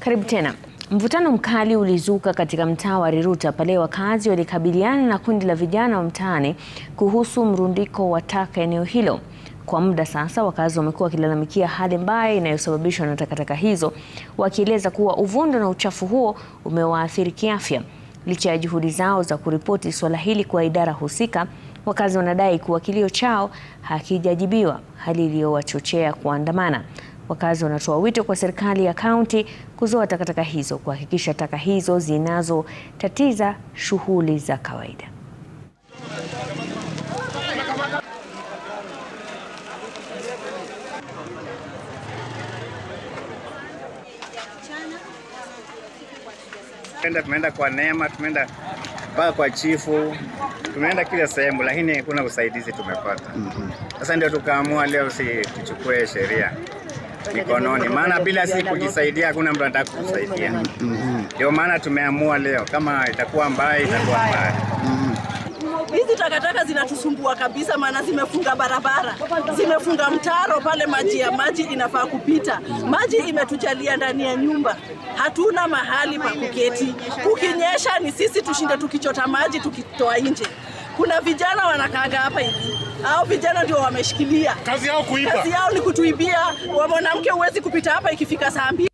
Karibu tena. Mvutano mkali ulizuka katika mtaa wa Riruta pale wakazi walikabiliana na kundi la vijana wa mtaani kuhusu mrundiko wa taka eneo hilo. Kwa muda sasa, wakazi wamekuwa wakilalamikia hali mbaya inayosababishwa na takataka hizo, wakieleza kuwa uvundo na uchafu huo umewaathiri kiafya. Licha ya juhudi zao za kuripoti suala hili kwa idara husika, wakazi wanadai kuwa kilio chao hakijajibiwa, hali iliyowachochea kuandamana. Wakazi wanatoa wito kwa serikali ya kaunti kuzoa takataka hizo, kuhakikisha taka hizo zinazotatiza shughuli za kawaida. Tumeenda kwa Neema, tumeenda mpaka kwa chifu, tumeenda kila sehemu, lakini hakuna usaidizi tumepata. Mhm. Sasa mm -hmm. Ndio tukaamua leo si tuchukue sheria mikononi, maana bila si kujisaidia hakuna mtu atakusaidia. Mm-hmm. Ndio maana tumeamua leo, kama itakuwa mbaya itakuwa mbaya. Hizi takataka zinatusumbua kabisa, maana zimefunga barabara, zimefunga mtaro pale, maji ya maji inafaa kupita. Maji imetujalia ndani ya nyumba, hatuna mahali pa kuketi. Kukinyesha ni sisi tushinde tukichota maji tukitoa nje. Kuna vijana wanakaaga hapa hivi au vijana ndio wameshikilia kazi yao, kuiba. Kazi yao ni kutuibia. Mwanamke huwezi kupita hapa ikifika saa mbili.